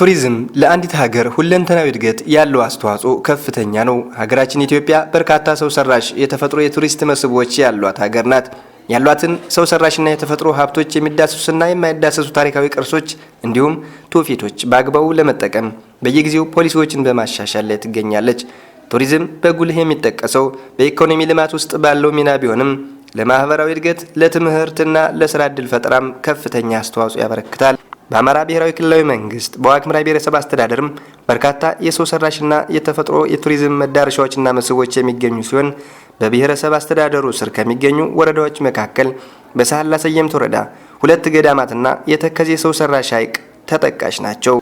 ቱሪዝም ለአንዲት ሀገር ሁለንተናዊ እድገት ያለው አስተዋጽኦ ከፍተኛ ነው። ሀገራችን ኢትዮጵያ በርካታ ሰው ሰራሽ የተፈጥሮ የቱሪስት መስህቦች ያሏት ሀገር ናት። ያሏትን ሰው ሰራሽና የተፈጥሮ ሀብቶች የሚዳሰሱና የማይዳሰሱ ታሪካዊ ቅርሶች እንዲሁም ትውፊቶች በአግባቡ ለመጠቀም በየጊዜው ፖሊሲዎችን በማሻሻል ላይ ትገኛለች። ቱሪዝም በጉልህ የሚጠቀሰው በኢኮኖሚ ልማት ውስጥ ባለው ሚና ቢሆንም ለማህበራዊ እድገት፣ ለትምህርትና ለስራ ዕድል ፈጠራም ከፍተኛ አስተዋጽኦ ያበረክታል። በአማራ ብሔራዊ ክልላዊ መንግስት በዋግኽምራ ብሔረሰብ አስተዳደርም በርካታ የሰው ሰራሽና የተፈጥሮ የቱሪዝም መዳረሻዎችና መስህቦች የሚገኙ ሲሆን በብሔረሰብ አስተዳደሩ ስር ከሚገኙ ወረዳዎች መካከል በሳህላ ሰየምት ወረዳ ሁለት ገዳማትና የተከዜ ሰው ሰራሽ ሐይቅ ተጠቃሽ ናቸው።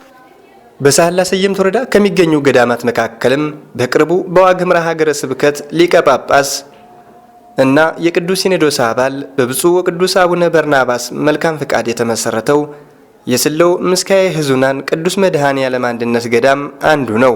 በሳህላ ሰየምት ወረዳ ከሚገኙ ገዳማት መካከልም በቅርቡ በዋግምራ ሀገረ ስብከት ሊቀ ጳጳስ እና የቅዱስ ሲኖዶስ አባል በብፁዕ ወቅዱስ አቡነ በርናባስ መልካም ፍቃድ የተመሰረተው የስለው ምስካዬ ህዙናን ቅዱስ መድኃኔ ዓለም አንድነት ገዳም አንዱ ነው።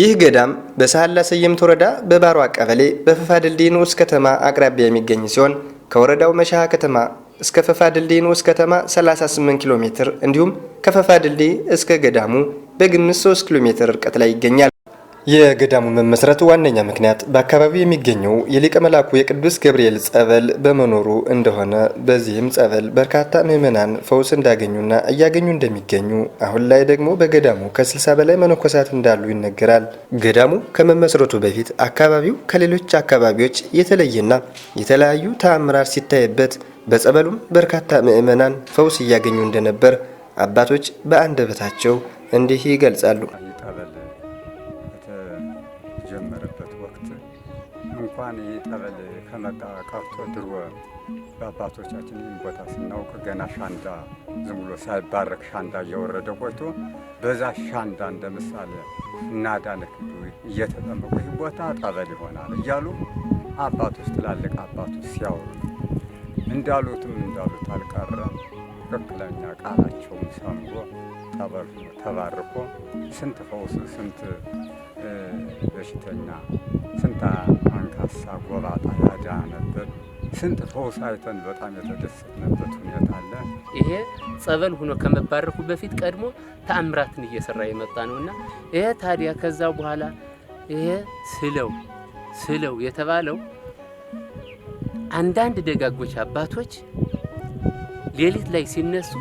ይህ ገዳም በሳህላ ሰየምት ወረዳ በባሯ ቀበሌ በፈፋ ድልድይ ንዑስ ከተማ አቅራቢያ የሚገኝ ሲሆን ከወረዳው መሻሃ ከተማ እስከ ፈፋ ድልድይ ንዑስ ከተማ 38 ኪሎ ሜትር እንዲሁም ከፈፋ ድልድይ እስከ ገዳሙ በግምት 3 ኪሎ ሜትር ርቀት ላይ ይገኛል። የገዳሙ መመስረት ዋነኛ ምክንያት በአካባቢው የሚገኘው የሊቀ መላኩ የቅዱስ ገብርኤል ጸበል በመኖሩ እንደሆነ በዚህም ጸበል በርካታ ምዕመናን ፈውስ እንዳገኙና እያገኙ እንደሚገኙ አሁን ላይ ደግሞ በገዳሙ ከ60 በላይ መነኮሳት እንዳሉ ይነገራል። ገዳሙ ከመመስረቱ በፊት አካባቢው ከሌሎች አካባቢዎች የተለየና የተለያዩ ተአምራት ሲታይበት በጸበሉም በርካታ ምዕመናን ፈውስ እያገኙ እንደነበር አባቶች በአንደበታቸው እንዲህ ይገልጻሉ። መጣ ቀርቶ ድሮ በአባቶቻችን ይህን ቦታ ስናውቅ ገና ሻንዳ ዝም ብሎ ሳይባረክ ሻንዳ እየወረደ ቆይቶ በዛ ሻንዳ እንደ ምሳሌ እናዳነክ እየተጠመቁ ይህ ቦታ ጠበል ይሆናል እያሉ አባቶች ትላልቅ አባቶች ሲያወሩ እንዳሉትም እንዳሉት አልቀረም። ትክክለኛ ቃላቸውን ሰምሮ ተባርኮ ስንት ፈውስ ስንት በሽተኛ ስንት አንካሳ ጎባጣ ያዳ ነበር። ስንት ፈውስ አይተን በጣም የተደሰትንበት ሁኔታ አለ። ይሄ ጸበል ሁኖ ከመባረኩ በፊት ቀድሞ ተአምራትን እየሰራ የመጣ ነውና ይሄ ታዲያ ከዛ በኋላ ይሄ ስለው ስለው የተባለው አንዳንድ ደጋጎች አባቶች ሌሊት ላይ ሲነሱ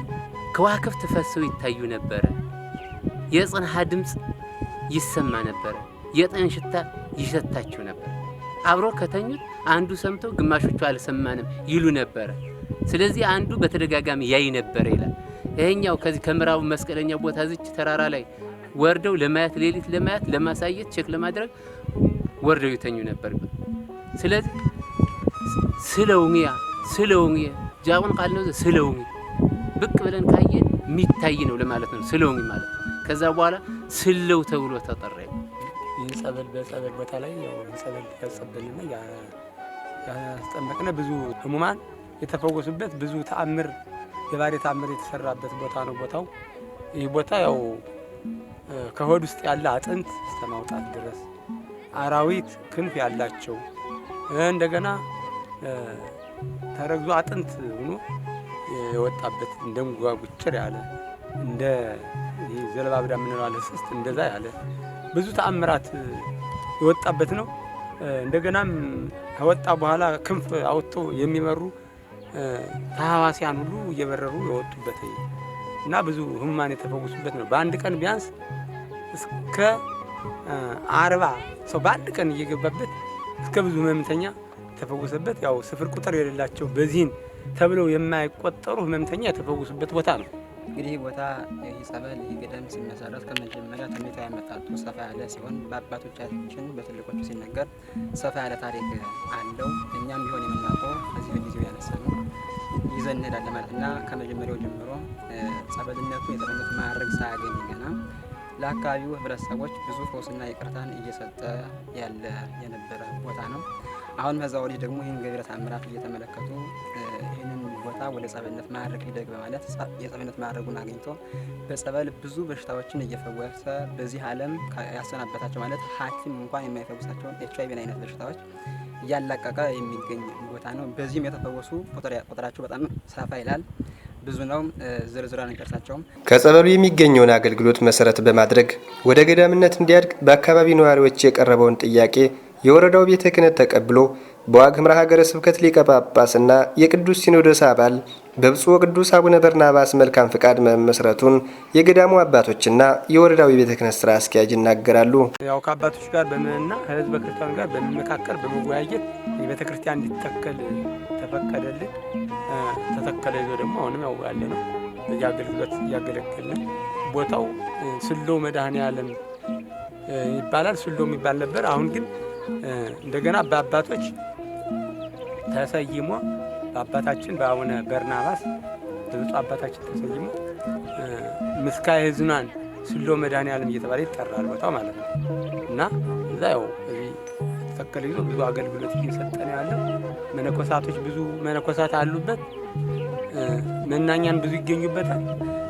ከዋክብት ፈሰው ይታዩ ነበረ። የጽንሃ ድምፅ ይሰማ ነበረ። የጠን ሽታ ይሸታቸው ነበር። አብሮ ከተኙት አንዱ ሰምተው ግማሾቹ አልሰማንም ይሉ ነበረ። ስለዚህ አንዱ በተደጋጋሚ ያይ ነበረ ይላል። ይሄኛው ከዚህ ከምዕራቡ መስቀለኛ ቦታ ዝች ተራራ ላይ ወርደው ለማየት ሌሊት ለማየት ለማሳየት ቼክ ለማድረግ ወርደው ይተኙ ነበር። ስለዚህ ስለውንያ ስለውንያ ጃውን ቃል ነው ስለውኝ ብቅ ብለን ካየን የሚታይ ነው ለማለት ነው። ስለውኝ ማለት ከዛ በኋላ ስለው ተብሎ ተጠራ። ይህን ጸበል በጸበል ቦታ ላይ ያው ጸበል ተገልጸብንና ያስጠመቅነ ብዙ ህሙማን የተፈወሱበት ብዙ ተአምር የባሪ ተአምር የተሰራበት ቦታ ነው። ቦታው ይህ ቦታ ያው ከሆድ ውስጥ ያለ አጥንት እስከ ማውጣት ድረስ አራዊት ክንፍ ያላቸው እንደገና ተረግዞ አጥንት ሆኖ የወጣበት እንደ እንጓጉጭር ያለ እንደ ዘለባብዳ የምንለው ስስት እንደዛ ያለ ብዙ ተአምራት የወጣበት ነው። እንደገናም ከወጣ በኋላ ክንፍ አውጥቶ የሚበሩ ተሐዋሲያን ሁሉ እየበረሩ የወጡበት እና ብዙ ህሙማን የተፈወሱበት ነው። በአንድ ቀን ቢያንስ እስከ አርባ ሰው በአንድ ቀን እየገባበት እስከ ብዙ ህመምተኛ የተፈወሰበት ያው ስፍር ቁጥር የሌላቸው በዚህን ተብለው የማይቆጠሩ ህመምተኛ የተፈወሱበት ቦታ ነው። እንግዲህ ቦታ ይህ ጸበል ይህ ገዳም ሲመሰረት ከመጀመሪያ ትንቢት ያመጣጡ ሰፋ ያለ ሲሆን በአባቶቻችን በትልቆቹ ሲነገር ሰፋ ያለ ታሪክ አለው። እኛም ቢሆን የምናውቀው በዚህ በጊዜው ያነሳ ነው ይዘን እንሄዳለን ማለት እና ከመጀመሪያው ጀምሮ ጸበልነቱ የጠለመት ማድረግ ሳያገኝ ገና ለአካባቢው ህብረተሰቦች ብዙ ፈውስና ይቅርታን እየሰጠ ያለ የነበረ ቦታ ነው። አሁን በዛ ወዲህ ደግሞ ይህን ገቢረ ተአምራት እየተመለከቱ ይህንን ቦታ ወደ ጸበልነት ማድረግ ሊደግ በማለት የጸበልነት ማድረጉን አግኝቶ በጸበል ብዙ በሽታዎችን እየፈወሰ በዚህ ዓለም ያሰናበታቸው ማለት ሐኪም እንኳን የማይፈውሳቸውን ኤች አይቪን አይነት በሽታዎች እያላቀቀ የሚገኝ ቦታ ነው። በዚህም የተፈወሱ ቁጥራቸው በጣም ሰፋ ይላል። ብዙ ነው። ዝርዝር አንጨርሳቸውም። ከጸበሉ የሚገኘውን አገልግሎት መሰረት በማድረግ ወደ ገዳምነት እንዲያድግ በአካባቢ ነዋሪዎች የቀረበውን ጥያቄ የወረዳው ቤተ ክህነት ተቀብሎ በዋግ ኽምራ ሀገረ ስብከት ሊቀ ጳጳስና የቅዱስ ሲኖዶስ አባል በብፁዕ ቅዱስ አቡነ በርናባስ መልካም ፍቃድ መመስረቱን የገዳሙ አባቶችና የወረዳው የቤተ ክህነት ስራ አስኪያጅ ይናገራሉ። ያው ከአባቶች ጋር በምንና ከህዝበ ክርስቲያኑ ጋር በመመካከል በመወያየት የቤተ ክርስቲያን እንዲተከል ተፈቀደልን። ተተከለ ይዞ ደግሞ አሁንም ያው ያለ ነው አገልግሎት እያገለገልን ቦታው ስሎ መድኃኔ ዓለም ይባላል። ስሎ የሚባል ነበር። አሁን ግን እንደገና በአባቶች ተሰይሞ በአባታችን በአቡነ በርናባስ በብፁዕ አባታችን ተሰይሞ ምስካየ ሕዙናን ስሎ መድኃኔዓለም እየተባለ ይጠራል ቦታው ማለት ነው። እና እዛ ያው እዚህ ተተከለ ይዞ ብዙ አገልግሎት እየሰጠ ነው ያለው። መነኮሳቶች ብዙ መነኮሳት አሉበት፣ መናኛን ብዙ ይገኙበታል።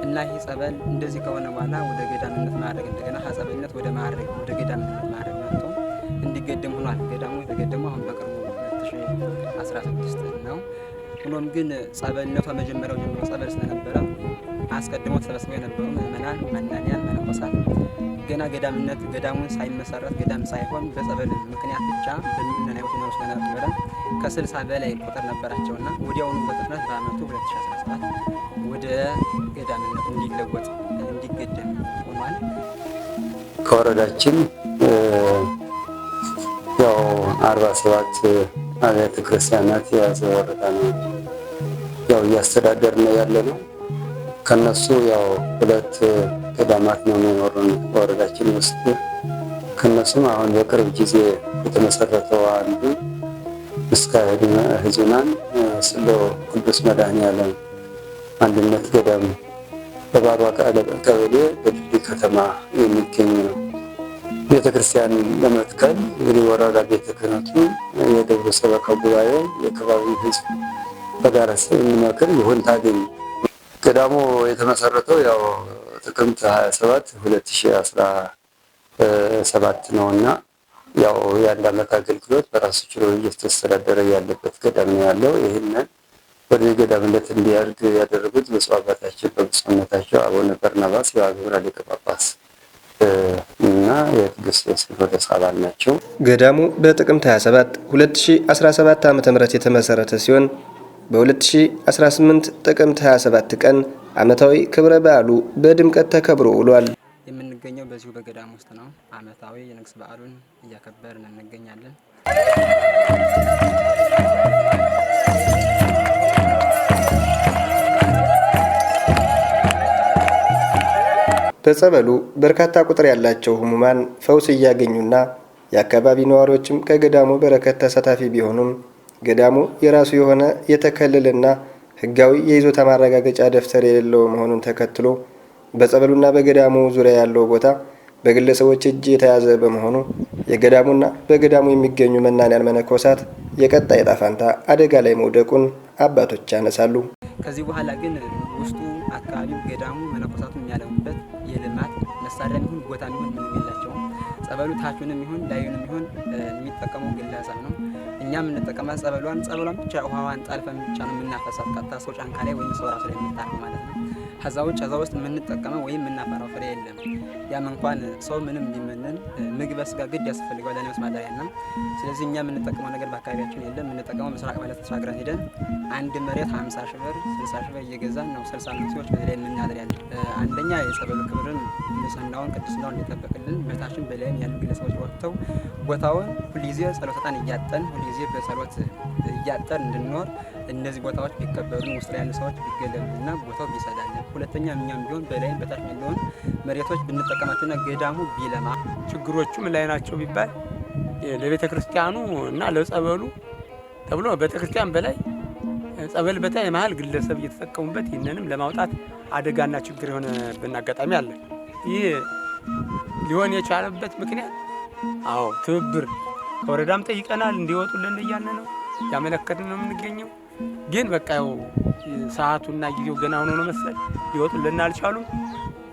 እና ይህ ጸበል እንደዚህ ከሆነ በኋላ ወደ ገዳምነት ማድረግ እንደገና ከጸበልነት ወደ ማድረግ ሆኖም ግን ጸበልነው መጀመሪያው ጀምሮ ጸበል ስለነበረ አስቀድሞ ተሰበስበው የነበሩ ምዕመናን፣ መናንያን፣ መነኮሳት ገና ገዳምነት ገዳሙን ሳይመሰረት ገዳም ሳይሆን በጸበል ምክንያት ብቻ በምዕመናዊት ነው ስለነበረ ከስልሳ በላይ ቁጥር ነበራቸውና ወዲያውኑ በፍጥነት በዓመቱ 2017 ወደ ገዳምነት እንዲለወጥ እንዲገደም ሆኗል። ከወረዳችን ያው 47 አብያተ ክርስቲያናት የያዘ ወረዳ ነው ያው እያስተዳደር ነው ያለ ነው። ከነሱ ያው ሁለት ገዳማት ነው የሚኖሩን ወረዳችን ውስጥ። ከነሱም አሁን በቅርብ ጊዜ የተመሰረተው አንዱ እስከ ህዙናን ስሎ ቅዱስ መድኃኔዓለም አንድነት ገዳም በባሯ ቀበሌ በድልድይ ከተማ የሚገኝ ነው። ቤተክርስቲያን ለመትከል እንግዲህ ወረዳ ቤተ ክህነቱ፣ የደብረ ሰበካ ጉባኤ፣ የከባቢ ህዝብ በጋራ ስንመክር ይሁን ታገኝ። ገዳሙ የተመሰረተው ያው ጥቅምት 27 2017 ነው እና ያው የአንድ ዓመት አገልግሎት በራሱ ችሎ እየተስተዳደረ ያለበት ገዳም ነው ያለው። ይህንን ወደ ገዳምነት እንዲያድግ ያደረጉት ብፁዕ አባታችን በብፁዕነታቸው አቡነ በርናባስ የዋግምራ ሊቀ ጳጳስ እና የቅዱስ ስንወደስ አባል ናቸው። ገዳሙ በጥቅምት 27 2017 ዓ ም የተመሰረተ ሲሆን በ2018 ጥቅምት 27 ቀን ዓመታዊ ክብረ በዓሉ በድምቀት ተከብሮ ውሏል። የምንገኘው በዚሁ በገዳም ውስጥ ነው። ዓመታዊ የንግስ በዓሉን እያከበርን እንገኛለን። በጸበሉ በርካታ ቁጥር ያላቸው ህሙማን ፈውስ እያገኙና የአካባቢ ነዋሪዎችም ከገዳሙ በረከት ተሳታፊ ቢሆኑም ገዳሙ የራሱ የሆነ የተከልልና ህጋዊ የይዞታ ማረጋገጫ ደብተር የሌለው መሆኑን ተከትሎ በጸበሉና በገዳሙ ዙሪያ ያለው ቦታ በግለሰቦች እጅ የተያዘ በመሆኑ የገዳሙና በገዳሙ የሚገኙ መናንያን መነኮሳት የቀጣይ ጣፋንታ አደጋ ላይ መውደቁን አባቶች ያነሳሉ። ከዚህ በኋላ ግን ውስጡ አካባቢው ገዳሙ መነኮሳቱ የሚያለሙበት መሳሪያም ይሁን ቦታም ይሁን ምንም የላቸውም። ጸበሉ ታቹንም ይሁን ላዩንም ይሁን የሚጠቀመው ግለሰብ ነው። እኛም የምንጠቀማት ጸበሏን ጸበሏን ብቻ ውሃዋን ጣልፈን ብቻ ነው የምናፈሳት። ቀጥታ ሰው ጫንካ ላይ ወይም ሰው ራሱ ላይ የምታርፍ ማለት ነው። ከዛ ውጭ ከዛ ውስጥ የምንጠቀመው ወይም የምናፈራው ፍሬ የለም። ያም እንኳን ሰው ምንም ቢመንን ምግብ ስጋ ግድ ያስፈልገዋል ለነብስ ማደሪያ ና ስለዚህ እኛ የምንጠቀመው ነገር በአካባቢያችን የለም። የምንጠቀመው ምስራቅ ማለት ተሻግረን ሄደን አንድ መሬት ሀምሳ ሺህ ብር 60 ሺህ ብር እየገዛን ነው 60 ሚኒስትሮች በተለይ የምናደር ያለ አንደኛ የጸበሉ ክብርን ንጽህናውን ቅድስናውን እንዲጠበቅልን በታችን በላይም ያሉ ግለሰቦች ወጥተው ቦታውን ሁልጊዜ ጸሎተጣን እያጠን ሁልጊዜ ጊዜ በጸሎት እያጠር እንድንኖር እነዚህ ቦታዎች ቢከበሩ ውስጥ ላይ ያሉ ሰዎች ቢገለሉና ቦታው ቢሰዳለን። ሁለተኛ እኛም ቢሆን በላይም በታች ያለውን መሬቶች ብንጠቀማቸውና ገዳሙ ቢለማ ችግሮቹ ምን ላይ ናቸው ቢባል ለቤተ ክርስቲያኑ እና ለጸበሉ ተብሎ ቤተ ክርስቲያን በላይ ጸበል በታይ መሀል ግለሰብ እየተጠቀሙበት ይህንንም ለማውጣት አደጋና ችግር የሆነብን አጋጣሚ አለ። ይህ ሊሆን የቻለበት ምክንያት አዎ ትብብር ከወረዳም ጠይቀናል እንዲወጡልን እያለ ነው ያመለከትን ነው የምንገኘው። ግን በቃ ያው ሰዓቱና ጊዜው ገና ሆኖ ነው መሰል ሊወጡልን አልቻሉም።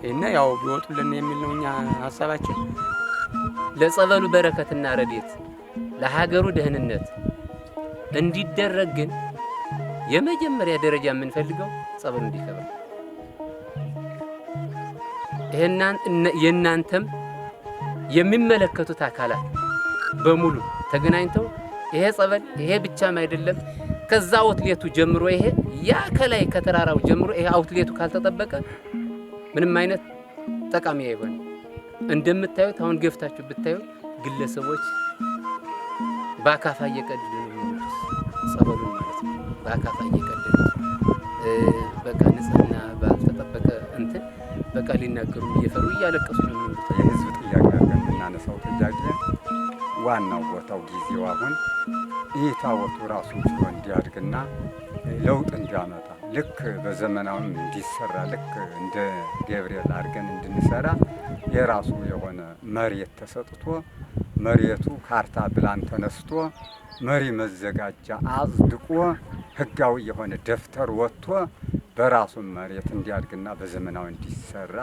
ይህን ያው ቢወጡልን የሚል ነው እኛ ሀሳባችን። ለጸበሉ በረከትና ረዴት ለሀገሩ ደህንነት እንዲደረግ ግን የመጀመሪያ ደረጃ የምንፈልገው ጸበሉ እንዲከበር የእናንተም የሚመለከቱት አካላት በሙሉ ተገናኝተው ይሄ ጸበል ይሄ ብቻም አይደለም። ከዛ አውትሌቱ ጀምሮ ይሄ ያ ከላይ ከተራራው ጀምሮ ይሄ አውትሌቱ ካልተጠበቀ ምንም አይነት ጠቃሚ አይሆንም። እንደምታዩት አሁን ገፍታችሁ ብታዩት ግለሰቦች በአካፋ እየቀደዱ ጸበሉ ማለት ነው። በአካፋ እየቀደዱ በቃ ንጽህና ባልተጠበቀ እንትን በቃ ሊናገሩ እየፈሩ እያለቀሱ ነው የሚሉት። የህዝብ ጥያቄ እናነሳው ጥያቄ ዋናው ቦታው ጊዜው አሁን ይህ ታቦቱ ራሱ ችሎ እንዲያድግና ለውጥ እንዲያመጣ ልክ በዘመናዊም እንዲሰራ ልክ እንደ ገብርኤል አድርገን እንድንሰራ የራሱ የሆነ መሬት ተሰጥቶ መሬቱ ካርታ ብላን ተነስቶ መሪ መዘጋጃ አጽድቆ ህጋዊ የሆነ ደብተር ወጥቶ በራሱ መሬት እንዲያድግና በዘመናዊ እንዲሰራ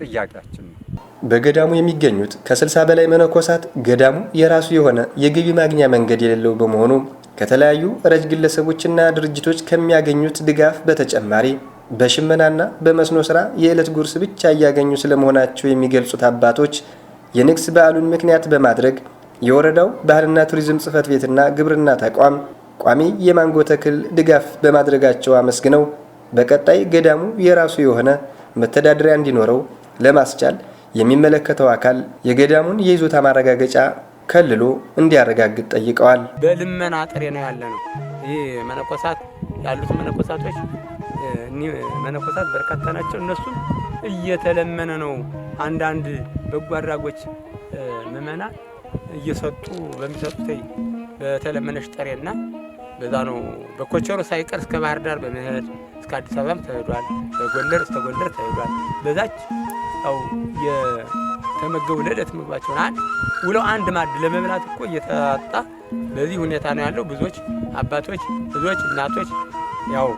ጥያቄያችን ነው። በገዳሙ የሚገኙት ከ60 በላይ መነኮሳት ገዳሙ የራሱ የሆነ የገቢ ማግኛ መንገድ የሌለው በመሆኑ ከተለያዩ ረጅ ግለሰቦችና ድርጅቶች ከሚያገኙት ድጋፍ በተጨማሪ በሽመናና በመስኖ ስራ የዕለት ጉርስ ብቻ እያገኙ ስለመሆናቸው የሚገልጹት አባቶች የንግስ በዓሉን ምክንያት በማድረግ የወረዳው ባህልና ቱሪዝም ጽህፈት ቤትና ግብርና ተቋም ቋሚ የማንጎ ተክል ድጋፍ በማድረጋቸው አመስግነው በቀጣይ ገዳሙ የራሱ የሆነ መተዳደሪያ እንዲኖረው ለማስቻል የሚመለከተው አካል የገዳሙን የይዞታ ማረጋገጫ ከልሎ እንዲያረጋግጥ ጠይቀዋል። በልመና ጥሬ ነው ያለ ነው። ይህ መነኮሳት ያሉት መነኮሳቶች መነኮሳት በርካታ ናቸው። እነሱም እየተለመነ ነው። አንዳንድ በጎ አድራጎች ምመና እየሰጡ በሚሰጡት በተለመነች ጥሬና በዛ ነው። በኮቸሮ ሳይቀር እስከ ባህር ዳር በመሄድ እስከ አዲስ አበባም ተሄዷል። በጎንደር እስከ ጎንደር ተሄዷል። በዛች ያው የተመገቡ ለዕለት ምግባቸውን አንድ ውለው አንድ ማድ ለመብላት እኮ እየተጣ በዚህ ሁኔታ ነው ያለው። ብዙዎች አባቶች፣ ብዙዎች እናቶች ያው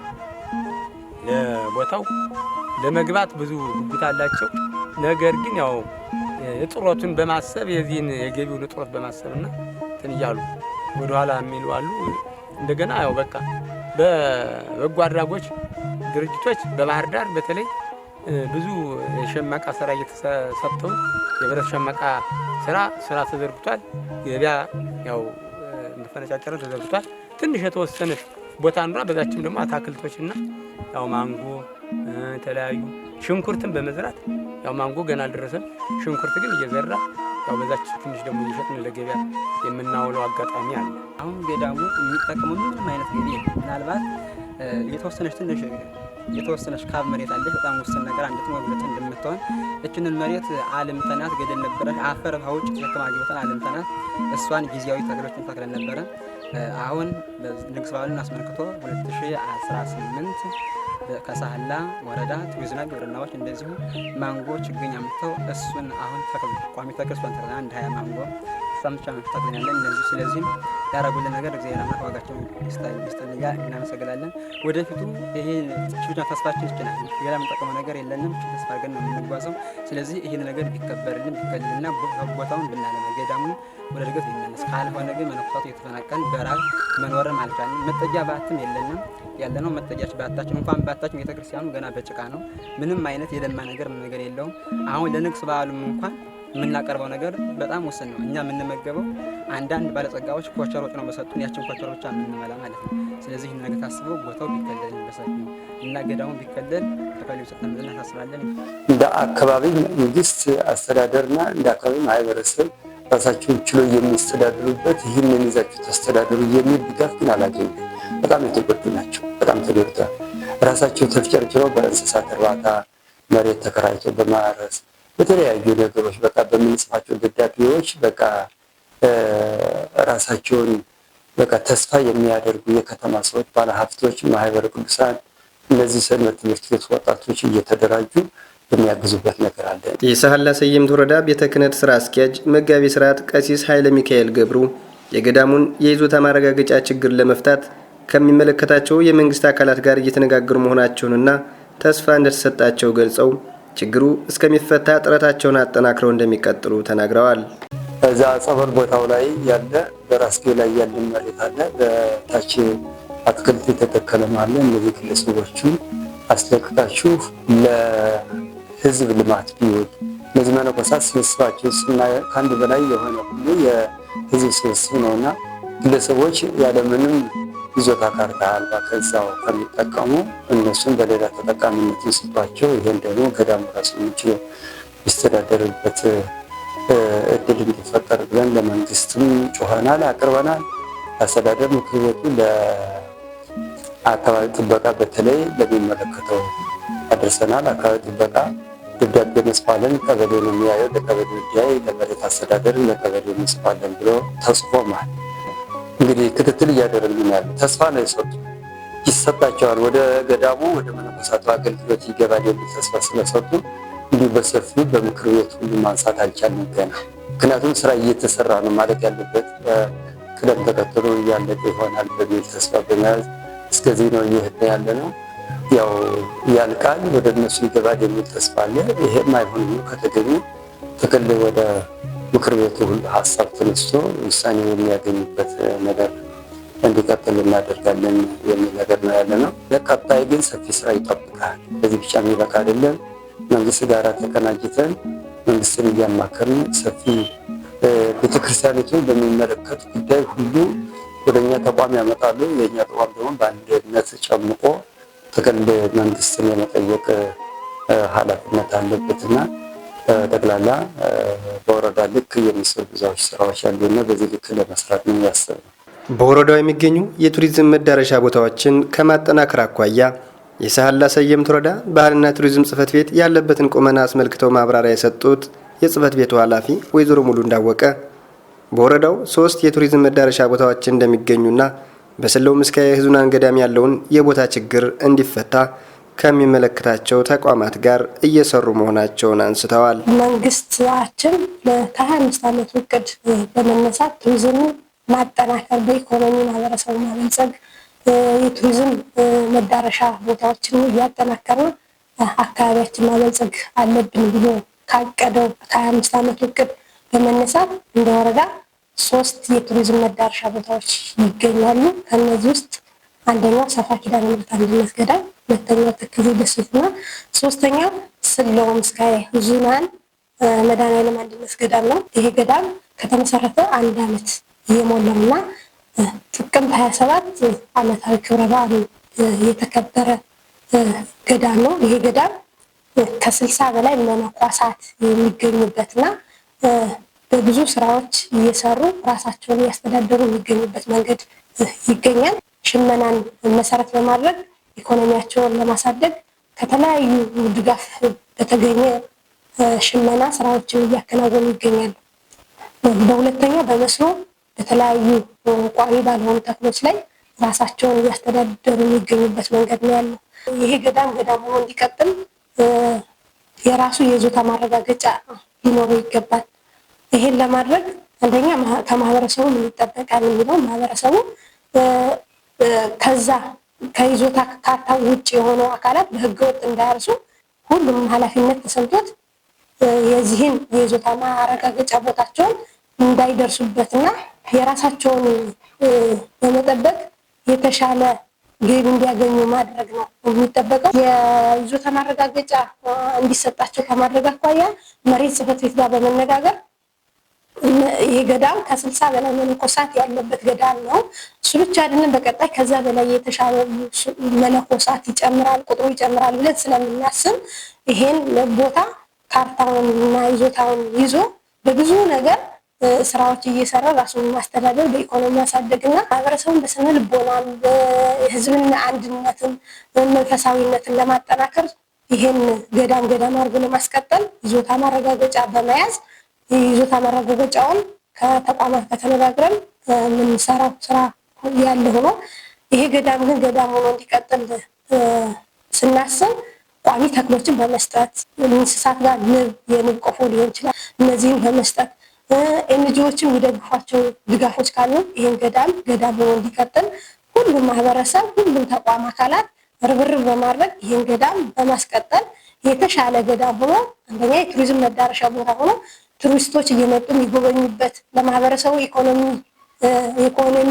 ለቦታው ለመግባት ብዙ ጉጉት አላቸው። ነገር ግን ያው እጥሮቱን በማሰብ የዚህን የገቢውን እጥሮት በማሰብና እንትን እያሉ ወደኋላ የሚሉ አሉ። እንደገና ያው በቃ በበጎ አድራጎች ድርጅቶች በባህር ዳር በተለይ ብዙ የሸመቃ ስራ እየተሰጠው የብረት ሸመቃ ስራ ስራ ተዘርግቷል። ገበያ ያው እንደፈነጫጨረ ተዘርግቷል። ትንሽ የተወሰነች ቦታ አንዷ በዛችም ደግሞ አታክልቶችና ያው ማንጎ የተለያዩ ሽንኩርትን በመዝራት ያው ማንጎ ገና አልደረሰም። ሽንኩርት ግን እየዘራ ያው በዛች ትንሽ ደግሞ እየሸጥን ለገበያ የምናውለው አጋጣሚ አለ። አሁን ገዳሙ የሚጠቅሙ ምንም አይነት ገቢ ምናልባት የተወሰነች ትንሽ የተወሰነች ካብ መሬት አለች። በጣም ውስን ነገር አንድት መግለጽ እንደምትሆን እችንን መሬት አልምተናት ገደል ነበረች። አፈር ውጭ ለከማጅበታን አልምተናት እሷን ጊዜያዊ ተክሎችን ተክለን ነበረ። አሁን ንግስ በዓሉን አስመልክቶ 2018 ከሳህላ ወረዳ ቱሪዝምና ግብርናዎች እንደዚሁ ማንጎ ችግኝ አምጥተው እሱን አሁን ቋሚ ተክል ስንተክልና እንደ ሀያ ማንጎ እሷን ብቻ ታገኛለን። ስለዚህም ያደረጉልን ነገር እግዚአብሔር አምላክ ዋጋቸውን ይስጠንኛ፣ እናመሰግናለን። ወደፊቱ ይሄ ብቻ ተስፋችን ይችላል። ሌላ የምንጠቀመው ነገር የለንም። ተስፋ አድርገን ነው የምንጓዘው። ስለዚህ ይህን ነገር ቢከበርልን ቢከልልና ቦታውን ብናለማ ገዳሙ ወደ እድገት ይመለስ። ካልሆነ ግን መነኮሳቱ የተፈናቀል በራብ መኖርም አልቻልንም። መጠጊያ ባትም የለንም ያለነው መጠጊያች ባታችን እንኳን ባታችን ቤተክርስቲያኑ ገና በጭቃ ነው። ምንም አይነት የለማ ነገር ነገር የለውም። አሁን ለንግስ በዓሉም እንኳን የምናቀርበው ነገር በጣም ውስን ነው። እኛ የምንመገበው አንዳንድ ባለጸጋዎች ኮቸሮች ነው በሰጡን ያችን ኮቸሮ ብቻ የምንመላ ማለት ነው። ስለዚህ ይህን ነገር ታስበው ቦታው ቢከለል በሰፊ እና ገዳሙን ቢከለል ተፈሊ ሰጠን ብለን እናሳስባለን። እንደ አካባቢ መንግስት አስተዳደርና እንደ አካባቢ ማህበረሰብ ራሳቸውን ችሎ የሚስተዳድሩበት ይህን ይዛችሁ ተስተዳድሩ የሚል ድጋፍ ግን አላገኙ። በጣም የተጎዱ ናቸው። በጣም ተጎድተዋል። ራሳቸው ተፍጨርጭረው በእንስሳት እርባታ መሬት ተከራይቶ በማረስ በተለያዩ ነገሮች በቃ በምንጽፋቸው ደብዳቤዎች በቃ ራሳቸውን በቃ ተስፋ የሚያደርጉ የከተማ ሰዎች፣ ባለሀብቶች፣ ማህበረ ቅዱሳን እነዚህ ሰንበት ትምህርት ቤት ወጣቶች እየተደራጁ የሚያግዙበት ነገር አለ። የሳህላ ሰየምት ወረዳ ቤተ ክህነት ስራ አስኪያጅ መጋቢ ስርዓት ቀሲስ ኃይለ ሚካኤል ገብሩ የገዳሙን የይዞታ ማረጋገጫ ችግር ለመፍታት ከሚመለከታቸው የመንግስት አካላት ጋር እየተነጋገሩ መሆናቸውንና ተስፋ እንደተሰጣቸው ገልጸው ችግሩ እስከሚፈታ ጥረታቸውን አጠናክረው እንደሚቀጥሉ ተናግረዋል። እዛ ጸበል ቦታው ላይ ያለ በራስጌ ላይ ያለ መሬት አለ፣ በታች አትክልት የተተከለም አለ። እነዚህ ግለሰቦቹን አስለቅቃችሁ ለህዝብ ልማት ቢውል እነዚህ መነኮሳት ስብስባቸው ከአንድ በላይ የሆነ ሁሉ የህዝብ ስብስብ ነውና ግለሰቦች ያለምንም ይዞታ ካርታ አልባ ከዛው ከሚጠቀሙ እነሱም በሌላ ተጠቃሚነት ይስባቸው። ይህን ደግሞ ገዳሙ ራሱ የሚችሉ እድል እንዲፈጠር ብለን ለመንግስትም ጩኸናል፣ አቅርበናል። አስተዳደር ምክር ቤቱ ለአካባቢ ጥበቃ በተለይ ለሚመለከተው አድርሰናል። አካባቢ ጥበቃ ደብዳቤ መስፋለን፣ ቀበሌ ነው የሚያየው፣ ለቀበሌ ጉዳይ ለመሬት አስተዳደር ለቀበሌ መስፋለን ብሎ ተጽፎማል። እንግዲህ ክትትል እያደረግን ያለ ተስፋ ነው የሰጡ ይሰጣቸዋል። ወደ ገዳሙ ወደ መነኮሳቱ አገልግሎት ይገባል የሚል ተስፋ ስለሰጡ እንዲሁ በሰፊው በምክር ቤት ሁሉ ማንሳት አልቻልንም ገና። ምክንያቱም ስራ እየተሰራ ነው ማለት ያለበት ቅደም ተከትሎ እያለቀ ይሆናል በሚል ተስፋ በመያዝ እስከዚህ ነው እየሄድን ያለ ነው። ያው ያልቃል፣ ወደ እነሱ ይገባል የሚል ተስፋ አለ። ይሄም አይሆን ከተገኙ ጥቅል ወደ ምክር ቤቱ ሀሳብ ተነስቶ ውሳኔ የሚያገኝበት ነገር እንዲቀጥል እናደርጋለን የሚል ነገር ነው ያለ ነው። ለቀጣይ ግን ሰፊ ስራ ይጠብቃል። በዚህ ብቻ የሚበቃ አይደለም። መንግስት ጋር ተቀናጅተን መንግስትን እያማከርን ሰፊ ቤተክርስቲያኒቱን በሚመለከት ጉዳይ ሁሉ ወደ እኛ ተቋም ያመጣሉ። የእኛ ተቋም ደግሞ በአንድነት ጨምቆ ጥቅል መንግስትን የመጠየቅ ኃላፊነት አለበትና ጠቅላላ በወረዳ ልክ የሚሰሩ ብዛዎች ስራዎች ያሉና በዚህ ልክ ለመስራት ነው ነው። በወረዳው የሚገኙ የቱሪዝም መዳረሻ ቦታዎችን ከማጠናከር አኳያ የሳህላ ሰየምት ወረዳ ባህልና ቱሪዝም ጽህፈት ቤት ያለበትን ቁመና አስመልክተው ማብራሪያ የሰጡት የጽህፈት ቤቱ ኃላፊ ወይዘሮ ሙሉ እንዳወቀ በወረዳው ሶስት የቱሪዝም መዳረሻ ቦታዎች እንደሚገኙና በሰለው ምስካየ ህዙናን ገዳም ያለውን የቦታ ችግር እንዲፈታ ከሚመለከታቸው ተቋማት ጋር እየሰሩ መሆናቸውን አንስተዋል። መንግስታችን ከሀያ አምስት ዓመት እቅድ በመነሳት ቱሪዝም ማጠናከር፣ በኢኮኖሚ ማህበረሰቡ ማበልጸግ፣ የቱሪዝም መዳረሻ ቦታዎችን እያጠናከረ አካባቢያችን ማበልጸግ አለብን ብሎ ካቀደው ከሀያ አምስት ዓመት እቅድ በመነሳት እንደ ወረዳ ሶስት የቱሪዝም መዳረሻ ቦታዎች ይገኛሉ። ከእነዚህ ውስጥ አንደኛው ሰፋ ኪዳነ ምሕረት አንድነት ገዳም ሁለተኛው ተክሌ ደሴት ነው። ሶስተኛው ስለውም ስካይ ዙናን መድኃኔዓለም አንድነት ገዳም ነው። ይሄ ገዳም ከተመሰረተ አንድ አመት እየሞላው እና ጥቅምት 27 አመታዊ ክብረ በዓሉ የተከበረ ገዳም ነው። ይሄ ገዳም ከስልሳ በላይ መነኮሳት የሚገኙበትና በብዙ ስራዎች እየሰሩ ራሳቸውን እያስተዳደሩ የሚገኙበት መንገድ ይገኛል። ሽመናን መሰረት በማድረግ ኢኮኖሚያቸውን ለማሳደግ ከተለያዩ ድጋፍ በተገኘ ሽመና ስራዎችን እያከናወኑ ይገኛሉ። በሁለተኛ በመስኖ በተለያዩ ቋሚ ባልሆኑ ተክሎች ላይ ራሳቸውን እያስተዳደሩ የሚገኙበት መንገድ ነው ያለው። ይሄ ገዳም ገዳም ሆኖ እንዲቀጥል የራሱ የይዞታ ማረጋገጫ ሊኖረው ይገባል። ይሄን ለማድረግ አንደኛ ከማህበረሰቡ ምን ይጠበቃል የሚለው ማህበረሰቡ ከዛ ከይዞታ ካርታ ውጭ የሆኑ አካላት በህገወጥ እንዳያርሱ ሁሉም ኃላፊነት ተሰምቶት የዚህን የይዞታ ማረጋገጫ ቦታቸውን እንዳይደርሱበትና የራሳቸውን በመጠበቅ የተሻለ ገቢ እንዲያገኙ ማድረግ ነው የሚጠበቀው። የይዞታ ማረጋገጫ እንዲሰጣቸው ከማድረግ አኳያ መሬት ጽሕፈት ቤት ጋር በመነጋገር ይህ ገዳም ከስልሳ በላይ መነኮሳት ያለበት ገዳም ነው። እሱ ብቻ አይደለም። በቀጣይ ከዛ በላይ የተሻለ መነኮሳት ይጨምራል፣ ቁጥሩ ይጨምራል ብለን ስለምናስብ ይሄን ቦታ ካርታውን እና ይዞታውን ይዞ በብዙ ነገር ስራዎች እየሰራ ራሱን ማስተዳደር በኢኮኖሚ ማሳደግና ማህበረሰቡን በስነ ልቦናም ህዝብና አንድነትን መንፈሳዊነትን ለማጠናከር ይሄን ገዳም ገዳም አድርጎ ለማስቀጠል ይዞታ ማረጋገጫ በመያዝ የይዞታ ማረጋገጫውን ከተቋማት ከተነጋግረን የምንሰራው ስራ ያለ ሆኖ ይሄ ገዳም ግን ገዳም ሆኖ እንዲቀጥል ስናስብ ቋሚ ተክሎችን በመስጠት እንስሳት ጋር ንብ የንብ ቆፎ ሊሆን ይችላል። እነዚህም በመስጠት ኤንጂዎችም የሚደግፏቸው ድጋፎች ካሉ ይህን ገዳም ገዳም ሆኖ እንዲቀጥል ሁሉም ማህበረሰብ፣ ሁሉም ተቋም አካላት ርብርብ በማድረግ ይህን ገዳም በማስቀጠል የተሻለ ገዳም ሆኖ አንደኛ የቱሪዝም መዳረሻ ቦታ ሆኖ ቱሪስቶች እየመጡ የሚጎበኙበት ለማህበረሰቡ ኢኮኖሚ ኢኮኖሚ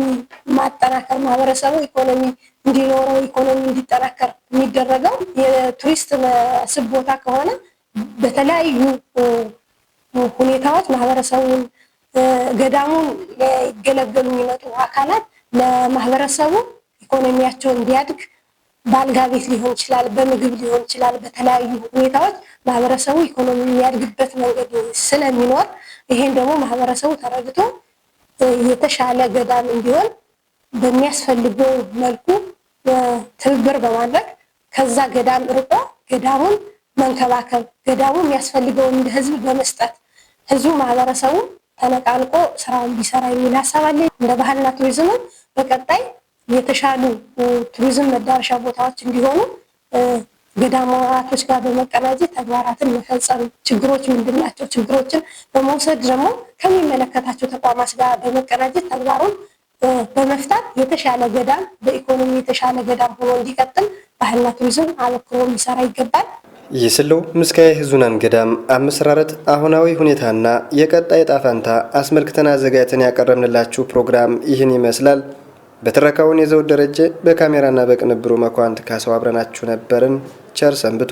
ማጠናከር ማህበረሰቡ ኢኮኖሚ እንዲኖረው ኢኮኖሚ እንዲጠናከር የሚደረገው የቱሪስት መስህብ ቦታ ከሆነ በተለያዩ ሁኔታዎች ማህበረሰቡን ገዳሙን ይገለገሉ የሚመጡ አካላት ለማህበረሰቡ ኢኮኖሚያቸው እንዲያድግ በአልጋ ቤት ሊሆን ይችላል፣ በምግብ ሊሆን ይችላል። በተለያዩ ሁኔታዎች ማህበረሰቡ ኢኮኖሚ የሚያድግበት መንገድ ስለሚኖር ይሄን ደግሞ ማህበረሰቡ ተረድቶ የተሻለ ገዳም እንዲሆን በሚያስፈልገው መልኩ ትብብር በማድረግ ከዛ ገዳም ርቆ ገዳሙን መንከባከብ ገዳሙ የሚያስፈልገውን ህዝብ በመስጠት ህዝቡ ማህበረሰቡ ተነቃንቆ ስራውን ቢሰራ የሚል ሀሳብ አለ። እንደ ባህልና ቱሪዝምም በቀጣይ የተሻሉ ቱሪዝም መዳረሻ ቦታዎች እንዲሆኑ ገዳማቶች ጋር በመቀናጀት ተግባራትን መፈጸም፣ ችግሮች ምንድን ናቸው፣ ችግሮችን በመውሰድ ደግሞ ከሚመለከታቸው ተቋማት ጋር በመቀናጀት ተግባሩን በመፍታት የተሻለ ገዳም በኢኮኖሚ የተሻለ ገዳም ሆኖ እንዲቀጥል ባህልና ቱሪዝም አበክሮ ሊሰራ ይገባል። የስለው ምስካየ ኅዙናን ገዳም አመሰራረት፣ አሁናዊ ሁኔታና የቀጣይ ዕጣ ፈንታ አስመልክተን አዘጋጅተን ያቀረብንላችሁ ፕሮግራም ይህን ይመስላል። በትረካውን የዘውድ ደረጀ፣ በካሜራና በቅንብሩ መኳንት ካሰው አብረናችሁ ነበርን። ቸር ሰንብቱ።